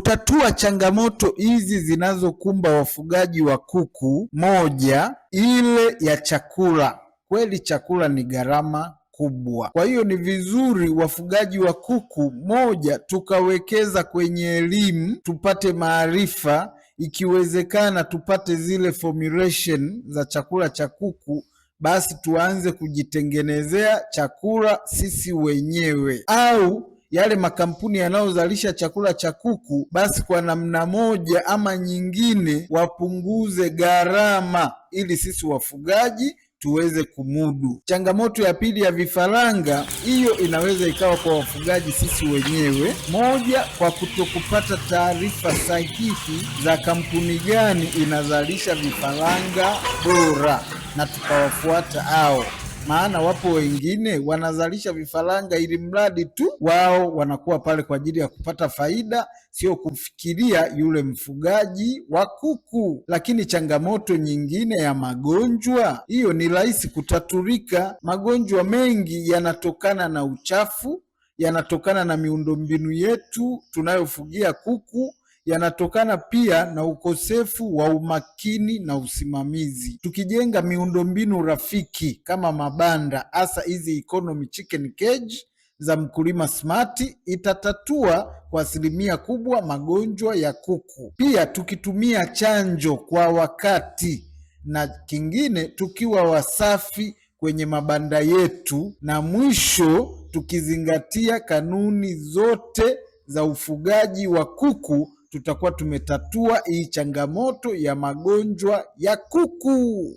kutatua changamoto hizi zinazokumba wafugaji wa kuku, moja ile ya chakula. Kweli chakula ni gharama kubwa. Kwa hiyo ni vizuri wafugaji wa kuku, moja, tukawekeza kwenye elimu, tupate maarifa, ikiwezekana tupate zile formulation za chakula cha kuku basi tuanze kujitengenezea chakula sisi wenyewe au yale makampuni yanayozalisha chakula cha kuku, basi kwa namna moja ama nyingine wapunguze gharama ili sisi wafugaji tuweze kumudu. Changamoto ya pili ya vifaranga, hiyo inaweza ikawa kwa wafugaji sisi wenyewe. Moja, kwa kutokupata taarifa sahihi za kampuni gani inazalisha vifaranga bora na tukawafuata hao maana wapo wengine wanazalisha vifaranga ili mradi tu wao wanakuwa pale kwa ajili ya kupata faida, sio kufikiria yule mfugaji wa kuku. Lakini changamoto nyingine ya magonjwa, hiyo ni rahisi kutatulika. Magonjwa mengi yanatokana na uchafu, yanatokana na miundombinu yetu tunayofugia kuku yanatokana pia na ukosefu wa umakini na usimamizi. Tukijenga miundombinu rafiki kama mabanda, hasa hizi economy chicken cage za mkulima smart, itatatua kwa asilimia kubwa magonjwa ya kuku. Pia tukitumia chanjo kwa wakati, na kingine tukiwa wasafi kwenye mabanda yetu, na mwisho tukizingatia kanuni zote za ufugaji wa kuku tutakuwa tumetatua hii changamoto ya magonjwa ya kuku.